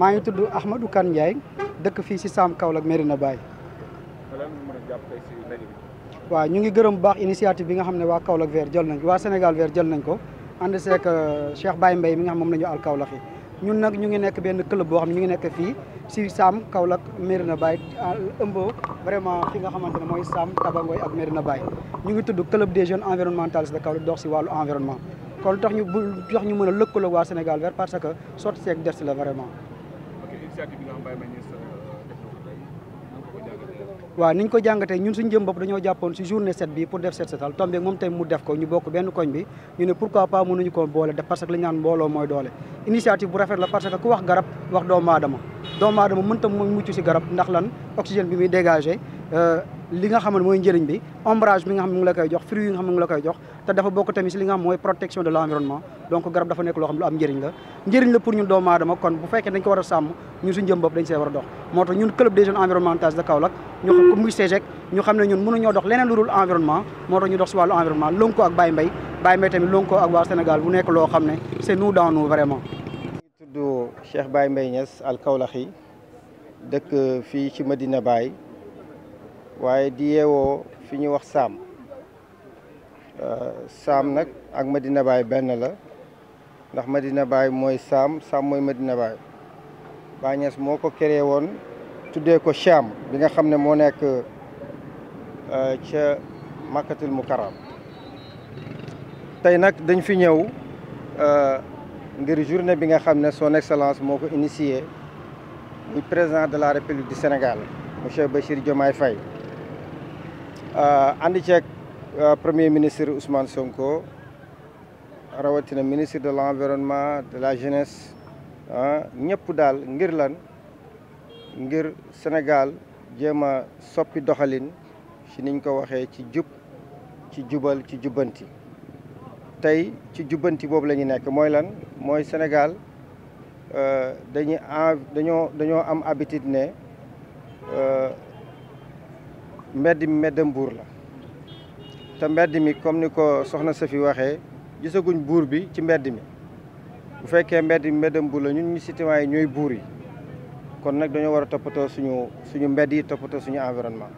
maa ngi tudd Ahmadou Kane Ndiaye dëkk fii si Sam Kaolack Médina Baye. waaw ñu ngi gërëm bu baax initiative bi nga xam ne waa Kaolack Vert jël nañ waa Sénégal Vert jël nañ ko ànd seeg euh, Cheikh Baye Mbaye mi nga xam moom la al Kaolack yi ñun nag ñu ngi nekk benn club boo xam ne ñu ngi nekk fii si Sam Kaolack Médina Baye ëmb vraiment fi nga xamante ne mooy Sam Tabangoy ak Médina Baye ñu ngi tudd club des jeunes environnementalistes de Kaolack dox si wàllu environnement kon tax ñu tax ñu mën a lëkkaloo Sénégal Vert parce que sotti seeg des la vraiment initiative bi nga xam Baye Magnès euh, def na ko tey waaw niñ ko jàngatee ñun suñu jëm bopp dañoo jàppoon si journée set bi pour def set setal tombé moom tey mu def ko ñu bokk benn koñ bi ñu ne pourquoi pas mënuñu ko boole def parce que li ñu naan mbooloo mooy doole initiative bu rafet la parce que ku wax garab wax doomu aadama doomu aadama mënta mu mucc si garab ndax lan oxygène bi muy dégagé Euh, li nga xam ne mooy njëriñ bi ombrage bi nga xam ne mu ngi la koy jox fruit yi nga xam mu ngi la koy jox te dafa bokk tamit si li nga xam mooy protection de l'environnement donc garab dafa nekk loo xam ne lu am njëriñ la njëriñ la bu fekkee dañ ko a sàmm ñun suñu jëm bopp dañ see war a dox moo tax xam ko muy CEGEC ñu dox leneen lu dul environnement moo tax ñu dox si wàllu environnement lënkoo ak Baye Mbaye Baye Mbaye tamit lënkoo ak nekk loo xam ne c'est nous dans nous vraiment tudd Cheikh Baye al Kaolack yi dëkk fii ci Medina Baye waaye di yeewoo fi ñu wax saam euh, saam nag ak madina Baye benn la ndax madina Baye mooy saam saam mooy Medina Baye Baye moo ko créé woon tuddee ko Cham bi nga xam ne moo nekk euh, ca mu karam tey nag dañ fi ñëw euh, ngir journée bi nga xam ne son excellence moo ko initié muy président de la république du Sénégal monsieur Bachir Diomaye Faye Euh, ànd ceeg euh, premier ministre Ousmane Sonko rawatina ministre de l'environnement de la jeunesse ah ñëpp daal ngir lan ngir Sénégal jéem a soppi doxalin ci niñ ko waxee ci jub ci jubal ci jubbanti tey ci jubbanti boobu la ñu nekk mooy lan mooy Sénégal euh, dañuy dañoo dañoo am habitude ne. mbedd mi mbeddam buur la te mbedd mi comme ni ko soxna Safi waxee gisaguñ buur bi ci mbedd mi bu fekkee mbedd mi mbeddam buur la ñun ñu citoyen yi ñooy buur yi kon nag dañoo war a toppatoo suñu suñu mbedd yi toppatoo suñu environnement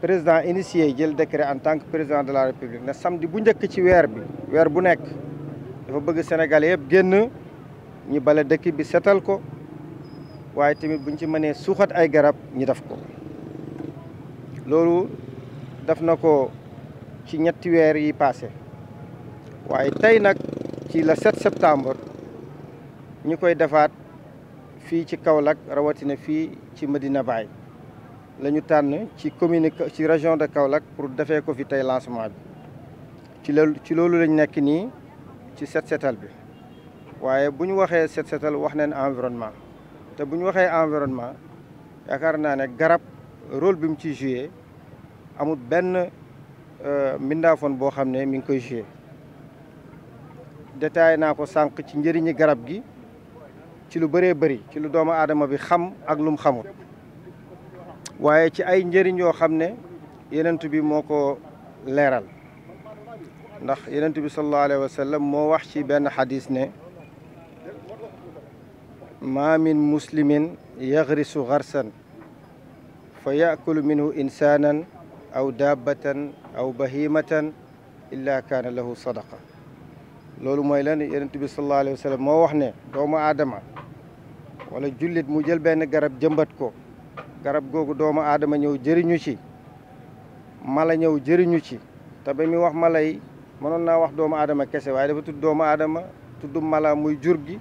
président initié jël décret en tant que président de la république ne samdi bu njëkk ci weer bi weer bu nekk dafa bëgg Sénégalais yëpp génn ñu bale dëkk bi setal ko waaye tamit buñ ci mënee suuxat ay garab ñi def ko loolu def na ko ci ñetti weer yi passé waaye tey nag ci la 7 septembre ñu koy defaat fii ci Kaolack rawatina fii ci Medina Baye la ñu tànn ci commune ci région de Kaolack pour defee ko fi tey lancement bi ci loolu ci loolu lañ nekk nii ci set setal bi waaye bu ñu waxee set setal wax neen environnement te bu ñu waxee environnement yaakaar naa ne garab rôle bi mu ci joué amul benn euh, mbindaafoon boo xam ne mi ngi koy joué détaillé naa ko sànq ci njëriñi garab gi ci lu bëree bari ci lu doomu aadama bi xam ak lum xamul waaye ci ay njëriñ yoo xam ne yenent bi moo ko leeral ndax yenent bi sallallahu alayhi moo wax ci benn xadis ne ma min muslimin yagrisu garsan fa yakulu minhu insanan aw dabbatan aw bahimatan illa kaana lahu sadaqa loolu mooy lan yonent bi sallallahu moo wax ne doomu aadama wala jullit mu jël benn garab jëmbat ko garab googu doomu aadama ñëw jëriñu ci mala ñëw jëriñu ci te ba mi wax mala yi mënoon naa wax doomu aadama kese waaye dafa tudd doomu aadama tudd mala muy jur gi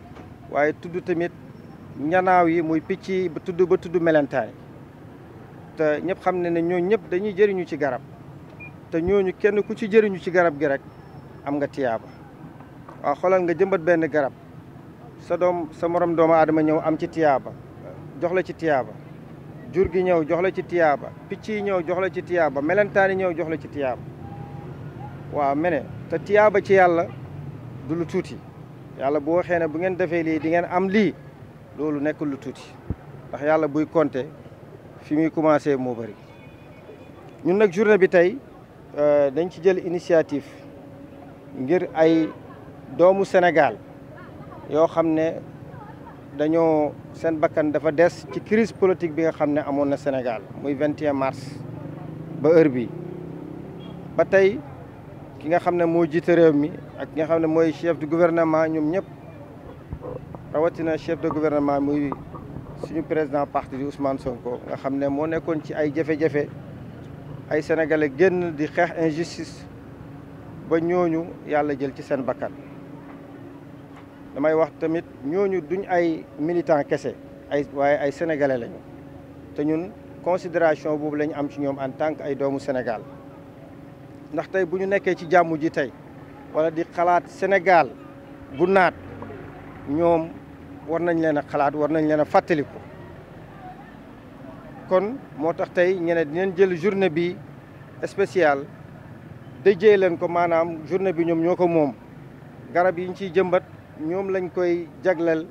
waaye tudd tamit ñanaaw yi muy picc yi ba tudd ba tudd melentaan te ñëpp xam ne na ñooñu ñëpp dañuy jëriñu ci garab te ñooñu kenn ku ci jëriñu ci garab gi rek am nga tiyaaba waaw xoolal nga jëmbat benn garab sa doom sa morom doomu aadama ñëw am ci tiyaaba jox la ci tiyaaba jur gi ñëw jox la ci tiyaaba picc yi ñëw jox la ci tiyaaba melentaan yi ñëw jox la ci tiyaaba waaw mene te tiyaaba ci yàlla du lu tuuti yàlla bu waxee ne bu ngeen defee lii di ngeen am lii loolu nekk lu tuuti ndax yàlla buy compter. fi muy commencé moo bëri ñun nag journée bi tey euh, dañ ci jël initiative ngir ay doomu Sénégal yoo xam ne dañoo seen bakkan dafa des ci crise politique bi nga xam ne amoon na Sénégal muy 21 mars ba heure bi ba tey ki nga xam ne moo jiite réew mi ak ki nga xam ne mooy chef de gouvernement ñoom ñëpp rawatina chef de gouvernement muy suñu président parti di Ousmane Sonko nga xam ne moo nekkoon ci ay jafe-jafe ay sénégalais génn di xeex injustice ba ñooñu yàlla jël ci seen bakkan damay wax tamit ñooñu duñ ay militant kese ay waaye ay sénégalais lañu te ñun considération boobu lañu am ci ñoom en tant que ay doomu Sénégal ndax tey bu ñu nekkee ci jàmm ji tey walla di xalaat Sénégal bu naat ñoom. war nañ leen a xalaat war nañ leen a fàttaliku kon moo tax tey ñene dinañ jël journée bi spéciale dëjee leen ko maanaam journée bi ñoom ñoo ko moom garab yi ñu ciy jëmbat ñoom lañ koy jagleel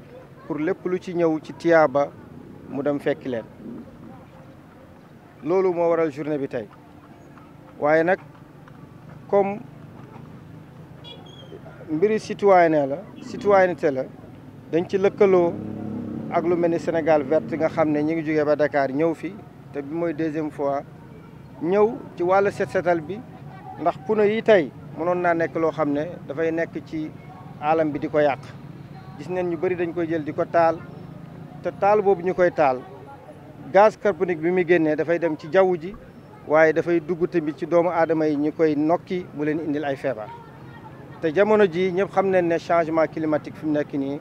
pour lépp lu ci ñëw ci tiyaaba mu dem fekki leen loolu moo waral journée bi tey waaye nag comme mbiri citoyen la citoyenneté la dañ ci lëkkaloo ak lu mel ni Sénégal vert nga xam ne ñi ngi jógee ba dakaar ñëw fi te bi mooy deuxième fois ñëw ci wàll set setal bi ndax pneu yi tey mënoon naa nekk loo xam ne dafay nekk ci alam bi di ko yàq gis neen ñu bëri dañ koy jël di ko taal te taal boobu ñu koy taal gaz carbonique bi muy génnee dafay dem ci jaww ji waaye dafay dugg tamit ci doomu aadama yi ñu koy nokki mu leen indil ay feebar te jamono ji ñëpp xam ne ne changement climatique fi mu nekk nii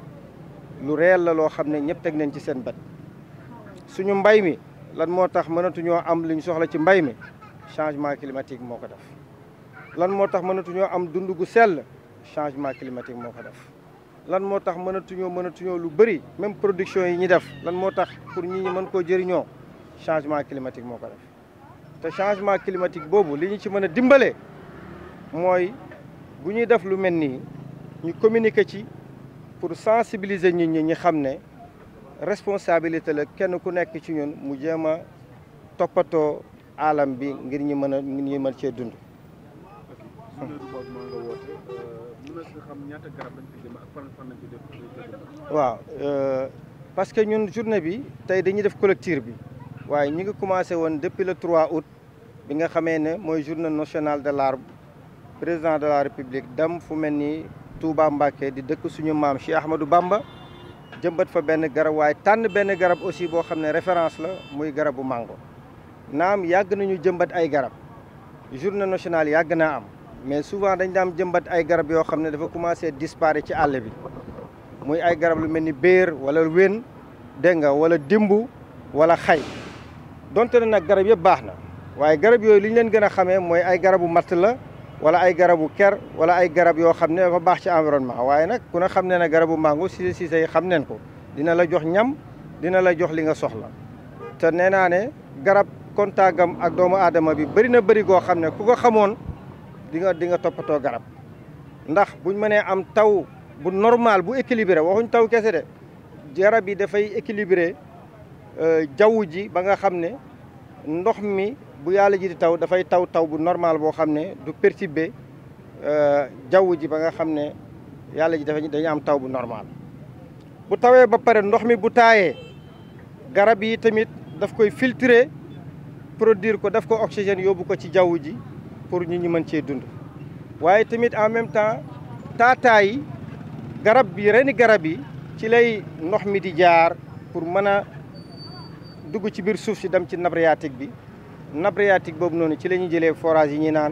lu réel la loo xam ne ñëpp teg nañ ci seen bët suñu mbay mi lan moo tax mënatuñoo am li ñu soxla ci mbay mi changement climatique moo ko def lan moo tax mënatuñoo am dund gu sell changement climatique moo ko def lan moo tax mënatuñoo mënatuñoo lu bëri même production yi ñi def lan moo tax pour ñi ñi mën koo jëriñoo changement climatique moo ko def te changement climatique boobu li ñu ci mën a dimbale mooy bu ñuy def lu mel nii ñu communiquer ci pour sensibiliser nit ñi ñi xam ne responsabilité la kenn ku nekk ci ñun mu jéem a toppatoo alam bi ngir ñu mën a ngir ñu mën cee dund. waaw euh, parce que ñun journée bi tey dañuy def collectif bi waaye ñu ngi commencé woon depuis le trois août bi nga xamee ne mooy journée nationale de l'arbre président de la république dem fu mel nii Touba Mbacké di dëkk suñu maam Cheikh Ahmadou Bamba jëmbat fa benn garab waaye tànn benn garab aussi boo xam ne référence la muy garabu mango naam yàgg nañu jëmbat ay garab journée nationale yàgg naa am mais souvent dañ daam jëmbat ay garab yoo xam ne dafa commencé disparaître ci àll bi muy ay garab lu mel ni béer wala wén dégg nga wala dimbu wala xay donte ne nag garab yëpp baax na waaye garab yooyu liñ ñu leen gën a xamee mooy ay garabu matt la wala ay garabu ker wala ay garab yoo xam ne dafa baax ci environnement waaye nag ku ne xam ne ne garabu mango Cissé Cissé yi xam neen ko dina la jox ñam dina la jox li nga soxla te nee naa ne garab kon kontaagam ak doomu aadama bi bëri na bëri goo xam ne ku ko xamoon di nga di nga toppatoo garab ndax buñ mënee am taw bu normal bu équilibré waxuñ taw kese de garab yi dafay équilibré euh, jaww ji ba nga xam ne ndox mi bu yàlla ji di taw dafay taw taw bu normal boo xam ne du perturber euh, jaww ji ba nga xam ne yàlla ji dafa dañu am taw bu normal bu tawee ba pare ndox mi bu taayee garab yi tamit daf koy filtre produire ko daf ko oxygène yóbbu ko ci jaww ji pour ñu ñu mën cee dund waaye tamit en même temps yi garab bi reni garab yi ci lay ndox mi di jaar pour mën a dugg ci biir suuf si dem ci nappe phréatique bi nappe boobu noonu ci la ñuy jëlee forage yi ñuy naan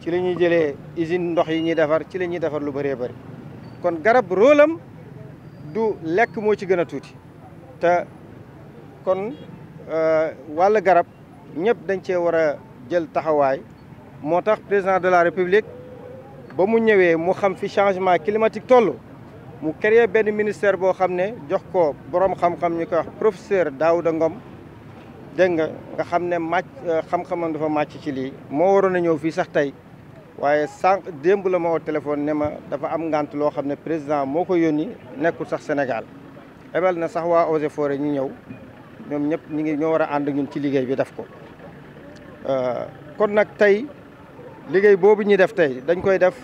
ci la ñuy jëlee usine ndox yi ñuy defar ci la ñuy defar lu bëree bëri kon garab rôlam du lekk moo ci gën a tuuti te kon euh, wàll garab ñëpp dañ cee war a jël taxawaay moo tax président de la république ba mu ñëwee mu xam fi changement climatique toll mu créé benn ministère boo xam ne jox ko borom xam-xam ñu koy wax professeur Daouda Ngom dégg nga nga xam ne màcc euh, xam nga fa màcc ci lii moo waroon a ñëw fii sax tey waaye sànq démb la ma woo téléphone ne ma dafa am ngant loo xam ne président moo ko yónni nekkul sax Sénégal ebal na sax waa Eaux et Forêts ñu ñëw ñoom ñëpp ñu ngi ñoo war a ànd ñun ci liggéey bi def ko euh, kon nag tey liggéey boobu ñuy def tey dañ koy def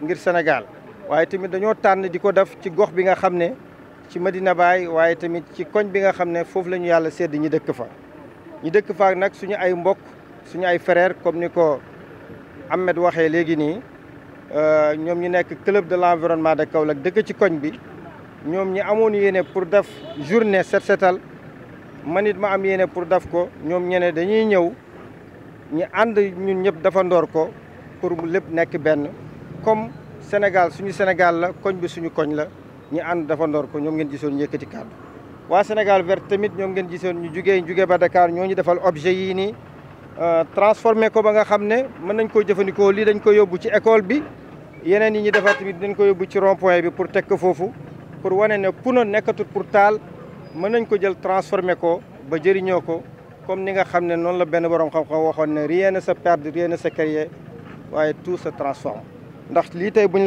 ngir Sénégal waaye tamit dañoo tànn di ko def ci gox bi nga xam ne ci madina Baye waaye tamit ci koñ bi nga xam ne foofu la ñu yàlla sedd ñi dëkk fa ñu dëkk faag nag suñu ay mbokk suñu ay frères comme ni ko Ahmed waxee léegi nii euh, ñoom ñu nekk club de l'environnement de Kaolack dëkk ci koñ bi ñoom ñi amoon yéene pour def journée set setal manit it ma am yéene pour daf ko ñoom ñene dañuy ñëw ñu ànd ñun ñëpp dafa ndoor ko pour mu lépp nekk benn comme Sénégal suñu Sénégal la koñ bi suñu koñ la ñu ànd dafa ndoor ko ñoom ngeen gisoon yëkkati kàddu waa Sénégal vert tamit ñoom ngeen gisoon ñu jugee jugee ba Dakar ñoo ñu defal objet yii nii euh, transformé ko ba nga xam ne mën nañ koo jëfandikoo lii dañ ko yóbbu ci école bi yeneen yi ñu defar tamit dañ ko yóbbu ci rond point bi pour teg ko foofu pour wane ne pneu nekkatul pour taal mën nañ ko jël transformé ko ba jëriñoo ko comme ni nga xam ne noonu la benn borom xam-xam waxoon ne rien ne sa perd rien ne se crée waaye tout se transforme ndax lii tey buñ